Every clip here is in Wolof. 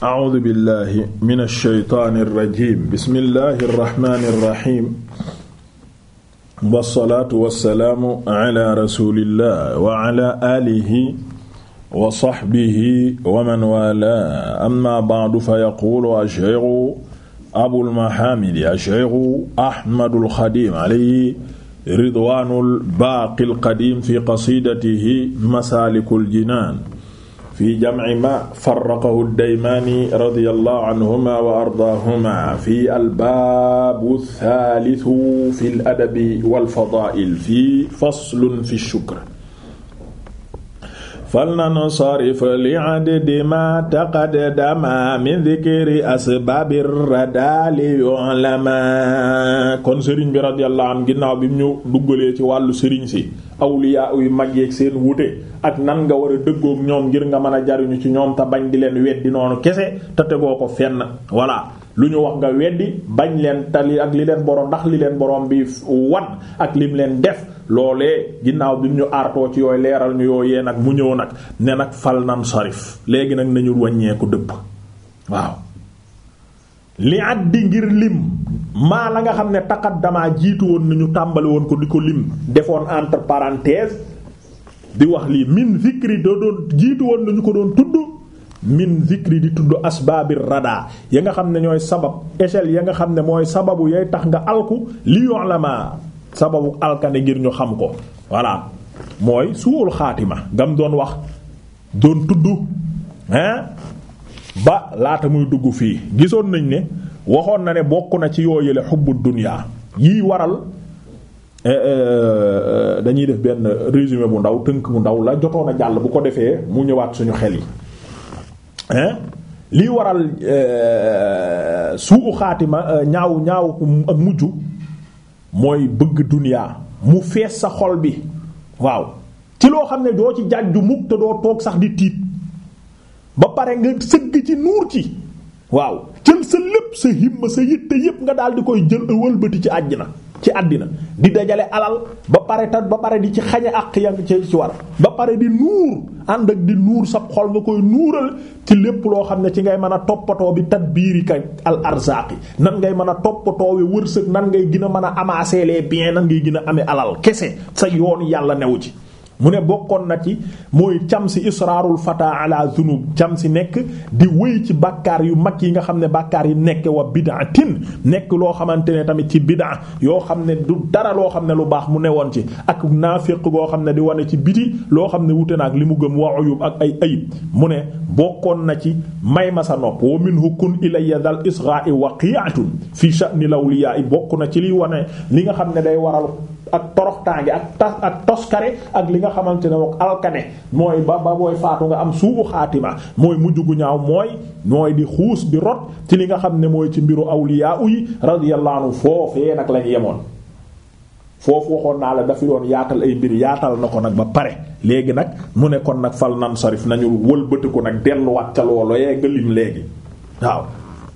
a'uudu billahi mina shaytaani rajiim bismillahi rahmaani rahiim. wasalaatu wasalaamu ala rasulillah wa ala alihi wa sahbihi wa man waalaahu amma ba'du fa yaquulu ash-shaykhu abul mahaamidi ash-shaykhu ahmadul xadiim alayhi ridwaanul baaqil qadiim fi qasiidatihi masaalikul jinaan fi jam'i ma farraqahu ad-Daymaani radiyallahu anhuma wa ardaahuma fi al-baabu ath-thaalithu fi al-adabi wal-fadaa'il fi faslun fi ash-shukr falnansarif li'adadi ma taqaddama min dhikri asbaabi ar-radaa li yu'lama kon sëriñ bi radiyallahu anhu ginnaaw bi mu ñu duggalee ci wàllu sëriñ si awliya yu mag yeeg seen wute ak nan nga war a dëggook ñoom ngir nga mën a jariñu ci ñoom te bañ di leen weddi noonu kese te tegoo ko fenn voilà lu ñu wax nga weddi bañ leen tali ak li leen borom ndax li leen borom bi wan ak lim leen def loolee ginnaaw bi ñu aartoo ci yooyu leeral ñu yooyee nag mu ñëw nag ne nag fal nan sarif léegi nag nañu wàññeeku dëpp waaw li at ngir lim. maa la nga xam ne taqaddama jiitu woon ñu tàmbali woon ko di ko lim defoon entre parenthèse di wax lii min zikri da doon jiitu woon na ñu ko doon tudd min zikri di tudd asbaabi rada ya nga xam ne ñooy sabab échelle ya nga xam ne mooy sababu yay tax nga alku li yu'lama sababu alkane ngir ñu xam ko voilà mooy suul xaatima gam doon wax doon tudd hein ba laata muy dugg fii gisoon nañ ne waxoon na ne bokk na ci yoo yële xubbu duniyaa yii waral eh, eh, dañuy def benn résumé bu ndaw tënk bu ndaw la jotoon a jàll bu ko defee mu ñëwaat suñu xel yi lii waral eh, suu xaatima ñaaw ñaaw ak mujj mooy bëgg duniyaa mu fees sa xol bi waaw ci loo xam ne doo ci jàjju mukk te doo toog sax di tiit ba pare nga sëgg ci nuur ci waaw jël sa lépp sa himma sa yitte yépp nga daal di koy jël wëlbati ci àjjana ci àddina di dajale alal ba pare ta ba pare di ci xañe ak ya ci ci war ba pare di nuur ànd ak di nuur sab xol nga koy nuural ci lépp loo xam ne ci ngay mën a toppatoo bi tadbiiri ka al arzaqi nan ngay mën a toppatoo wi wërsëg nan ngay gën a mën a amasser les biens nan ngay gën a amee alal kese sa yoon yàlla newu ci mu ne bokkoon na ci mooy cam si israarul fata ala zunub cam si nekk di wéy ci bàkkaar yu mag yi nga xam ne bakkaar yi nekk wa bid'atin nekk loo xamante ne tamit ci bid'a yoo xam ne du dara loo xam ne lu baax mu ne woon ci ak naafiq goo xam ne di wane ci biti loo xam ne wute na ak li mu gëm wa uyub ak ay ayib mu ne bokkoon na ci may ma sa nopp wa minhu kun ilayya dal isra'i atu fi sha'ni lawliya'i bokk na ci liy wane li nga xam ne day waral ak toroxtaange ak tas ak ak li nga xamante ne moom alkane mooy ba ba booy faatu nga am suubu xaatima mooy mujj gu ñaaw mooy mooy di xuus di rot ci li nga xam ne mooy ci mbiru awliyaa yi radiyallahu anhu foofee nag lañ yemoon. foofu waxoon naa la dafa doon yaatal ay mbir yaatal na ko nag ba pare léegi nag mu ne kon nag fal nan sarif nañu wëlbatiku nag delluwaat ca looloo yee nga léegi waaw.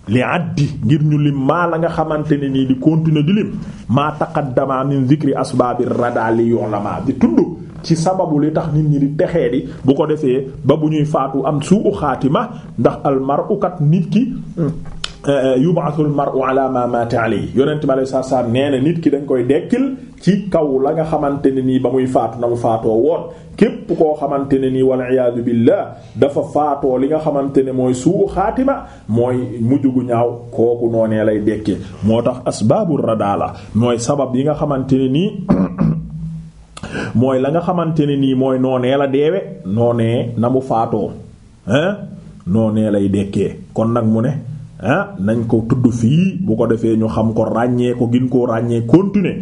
li addi ngir ñu lim maa la nga xamante ne nii di continuer di lim maa taqaddama min zikri asbaabi rada li yu'lama di tudd ci sababu li tax nit ñi di texee di bu ko defee ba bu ñuy faatu am suu u xaatima ndax almar ukat nit ki Euh, euh, yub'athul mar'u ala ma mata alayhi yonent ma lay saa saa nee na nit ki dañ koy dekkil ci kaw la nga xamante ne nii ba muy faat na mu faatoo woon képp koo xamante ne nii wal iyaadu billah dafa faatoo li nga xamante ne mooy suu xaatima mooy mujj gu ñaaw kooku noonee lay dekkee moo tax asbaabu radaala mooy sabab yi nga xamante ne nii. mooy la nga xamante ne nii mooy noonee la deewe noonee na mu faatoo hein noonee lay dekkee kon nag mu ne ah nañ ko tudd fii bu ko defee ñu xam ko ràññee ko gin koo ràññee continuer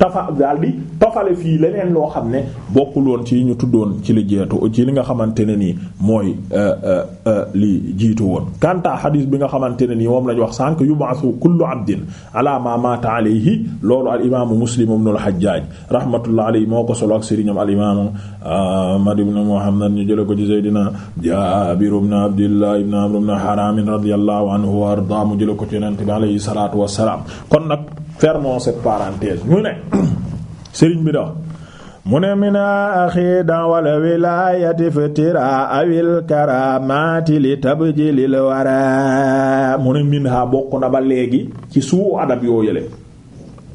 tafa daal di tofale fii leneen loo xam ne bokkul woon ci ñu tuddoon ci li jeetu ci li nga xamante ne nii mooy euh, euh, euh, li jiitu woon kanta xadiis bi nga xamante ne nii moom lañ wax sànk yu kullu abdin ala ma mata alayhi loolu al imaamu muslim ibn al hajjaj rahmatullah alayhi moo ko solo ak sëriñam al imaamu ahmad ibn muhammad ñu jële ko ci seydina jabir ibn abdillah ibn amr ibn haram radiyallahu anhu wa arda mu jële ko ci yonent bi alayhi salatu wassalam kon na fermons cette parenthèse ñu ne sëriñ bi da mu ne mina axi dawal wilayati fitira awil karamati li tabjilil wara mu ne min bokk na ba léegi ci suu adab yoo yële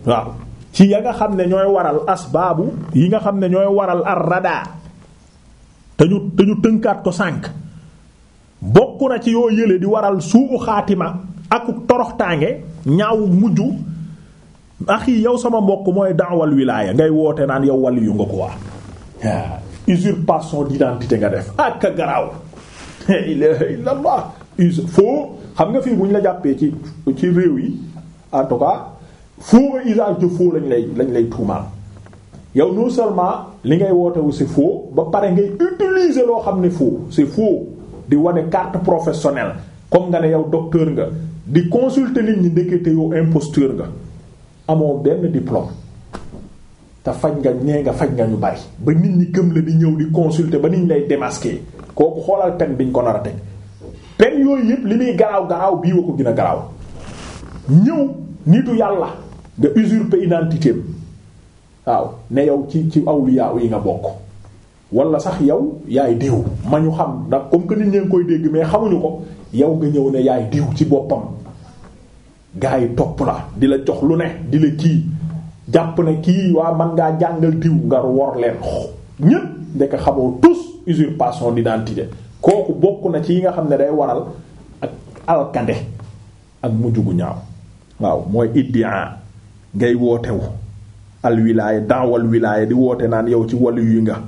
waaw ci ya nga xam ne ñooy waral asbaabu yi nga xam ne ñooy waral ar rada te ñu te ñu tënkaat ko sànk bokk na ci yoo yële di waral suu xaatima ak toroxtaange ñaaw mujj axi yow sama mbokk mooy daawal wilaaya ngay woote naan yow wàlli yu nga ko waa usurpation d'identité nga def ak a garaaw ilaha illa allah foo xam nga fii bu ñu la jàppee ci ci réew yi en tout cas foo usage de faux lañ lay lañ lay tuumaal yow non seulement li ngay wootewu si faux ba pare ngay utiliser loo xam ne faux si faux di wane carte professionnel comme nga ne yow docteur nga di consulté nit ñi ndekete yow imposteur nga amoo benn diplôme te faj nga ñee nga faj nga ñu bari ba nit ñi gëm la di ñëw di consulter ba nit ñi lay démasquer kooku xoolal pen biñ ko nar teg pen yooyu yëpp li muy garaaw garaaw bii wa ko gën a garaaw ñëw nitu yàlla nga usurper identité am waaw ne yow ci ci yaaw yi nga bokk wala sax yow yaay diw ma ñu xam ndax comme que nit ñee ngi koy dégg mais xamuñu ko yow nga ñëw ne yaay diw ci boppam gaa yi topp la di la jox lu ne di la kii jàpp ne kii waa man ngaa jàngal diw nga wor leen ñépp ndekk xamoo tous usurpation d'identité kooku bokk na ci yi nga xam ne day waral ak alkande ak mujj gu ñaaw waaw mooy iddia ngay wootewu alwilaaya daawal wilaaya di woote naan yow ci walu yu nga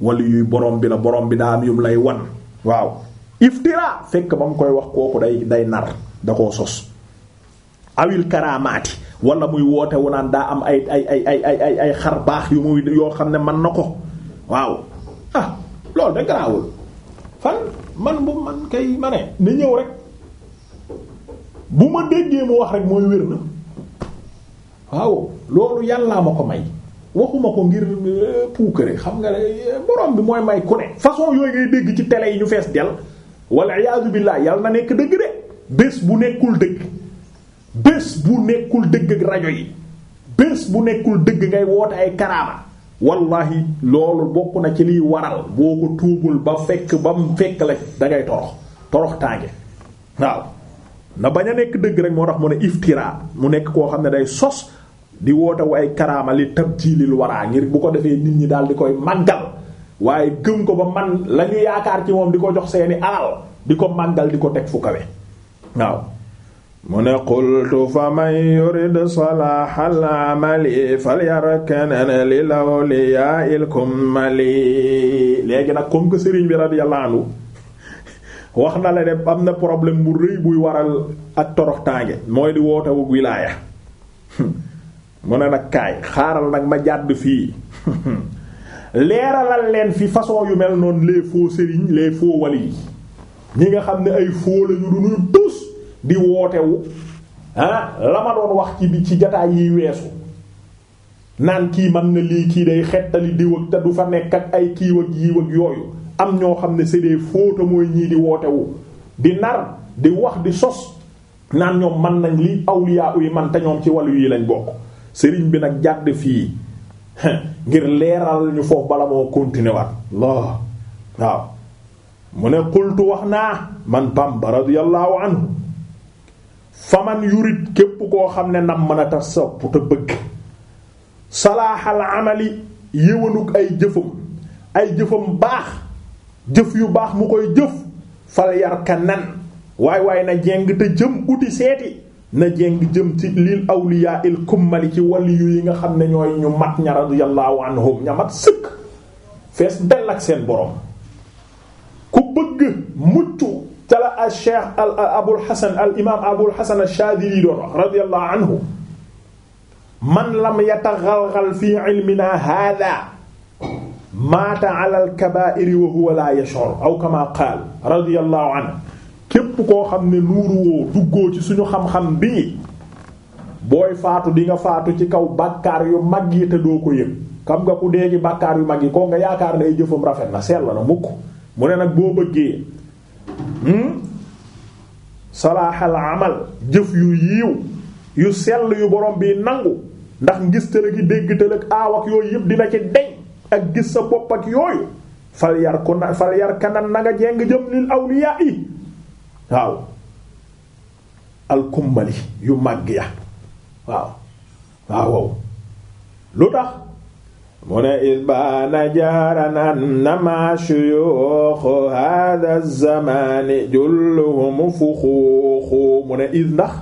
walu yuy borom bi la borom bi daa am lay wan waaw iftira fekk ba mu koy wax kooku day day nar da koo sos awil karaamaati wala muy woote wu naan daa am ay ay ay ay ay ay xar baax yu muy yoo xam ne man na ko waaw ah loolu de garaawul fan man bu man kay ma ne ñëw rek bu ma déggee mu wax rek mooy wér na waaw loolu yàllaa ma ko may waxuma ko ngir euh, puukare xam nga euh, borom bi mooy may ku ne façon yooyu ngay dégg ci télé yi ñu fees del wala iyaazu billaah yàlla na nekk dëgg de bés bu nekkul dëgg bés bu nekkul dëgg rajo yi bés bu nekkul dëgg ngay woote ay karaama wallahi loolu bokk na ci liy waral boo ko tuubul ba fekk ba mu fekk la dangay torox torox tànge waaw na bañ a nekk dëgg rek moo tax mu ne iftira mu nekk koo xam ne day sos di woote way karaama li tabdilil waraa ngir bu ko defee nit ñi daal di koy màggal waaye gëm ko ba man la yaakaar ci moom di ko jox seeni alal di ko màggal di ko teg fu kawe waaw mu ne qultu fa man yurid salaaxal amali falyarkanan lil awliyaa'il kummali léegi nag comme que sëriñ bi radiyallahu anhu wax na la ne am na problème bu rëy buy waral ak toroxtaange mooy di woote wu wilaaya mu ne nag kaay xaaral nag ma jàdd fii leeralal leen fi façon yu mel noonu les faux sëriñ les faux wali yi ñi nga xam ne ay faux lañu du nuy di wootewu ah la ma doon wax ci bi ci jataay yiy weesu naan kii man na lii kii day xettali diw te du fa nekk ak ay kiiw ak yooyu am ñoo xam ne c'est des fautes mooy ñii di wootewu di nar di wax di sos naan ñoom man nañ li awliya yi man te ñoom ci wàllu yi lañ bokk sëriñ bi nag jàdd fii ngir leeral ñu foofu bala moo continuer waaw mu ne qultu wax naa man Bamba radiyallahu anhu faman yurit képp koo xam ne nam mën a ta sopp te bëgg salaaxal amali yéwénuk ay jëfam ay jëfam baax jëf yu baax mu koy jëf fal yar ka nan waaye waaye na jeng te jëm uti seeti na jeng jëm ci lil awliyaa il kummali ci waliyu yi nga xam ne ñooy ñu mat ña radiyallahu anhum ña mat sëkk fees dell ak seen borom ku bëgg mucc al cheikh al Abul Hasan al imaam Abul Hasan ash-Shaadili doon wax radiyallahu anhu man lam yataghalghal fi ilminaa haadaa maata ala al-kabaa'iri wa huwa laa yash'ur aw kamaa qaala radiyallahu anhu képp koo xam ne nuuruwoo duggoo ci suñu xam-xam bi booy faatu di nga faatu ci kaw bàkkaar yu mag yi te doo ko yëg xam nga ku dee ci bàkkaar yu mag yi ko nga yaakaar ne ay jëfam rafet na sell na mukk mu ne nag boo bëggee hmm? salaaxal amal jëf yu yiiw yu sell yu borom bi nangu ndax ngis tëlëg yi dégg tëlëg aaw yooyu yëpp dina ci deñ ak gis sa poppat ak yooyu fal yar ko na fal nga jeng jëm lil awliyaa yi waaw alkumbali yu màgg ya waaw waaw lu tax mu ne isbaana jaaran annama shuyuuxu hada zamani julluhum fuxuuxu mu ne is ndax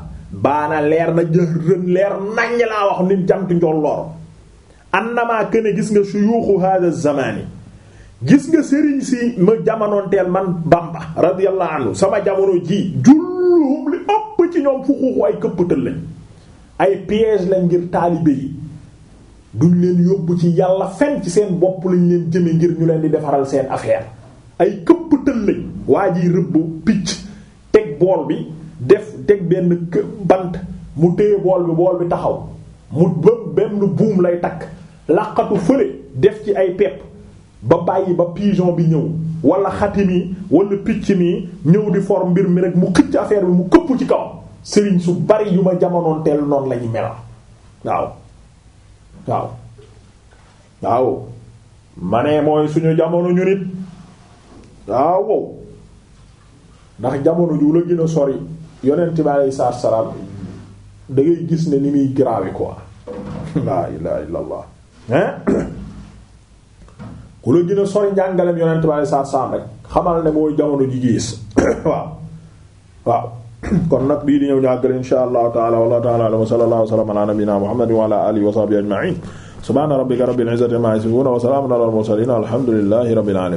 baana leer na jërën leer naññ laa wax ni jant njolloor annama këne gis nga shuyuuxu hada zamani gis nga sëriñ si ma jamonoonteel man Bamba radiyallahu anhu sama jamono ji julluhum li ëpp ci ñoom fuxuuxu ay këppatal lañ ay piège lañ ngir taalibe yi duñ leen yóbbu ci yàlla fen ci seen bopp lañ leen jëme ngir ñu leen di defaral seen affaire ay këpp tël waa ji rëbb picc teg bool bi def teg benn bant mu téye bool bi bool bi taxaw mu benn buum lay takk làqatu fële def ci ay pepp ba bàyyi ba pigeon bi ñëw wala xati mi wala picc mi ñëw di form mbir mi rek mu xëcc affaire bi mu këpp ci kaw sëriñ su bari yu ma jamonoon teel noonu la ñu waaw waaw waaw ma mooy suñu jamono ñu nit waaw wow ndax jamono ju la gën a sori yonent bi aleyhi salaatu salaam da gis ne ni muy grave quoi laa ilaha illa allah hein ku la gën sori njàngaleem yonent bi aleyhi salaatu salaam rek xamal ne mooy jamono ji gis waaw waaw kon nag bii di ñëw ñu àggale insha allahu taala wallahu taala wa sallallahu wa sallam ala nabina muhammad wa ala alihi wa sahbihi ajma'in subhana rabbika rabbil izzati amma yasifun wa salamun ala al mursalin alhamdulillahi rabbil alamin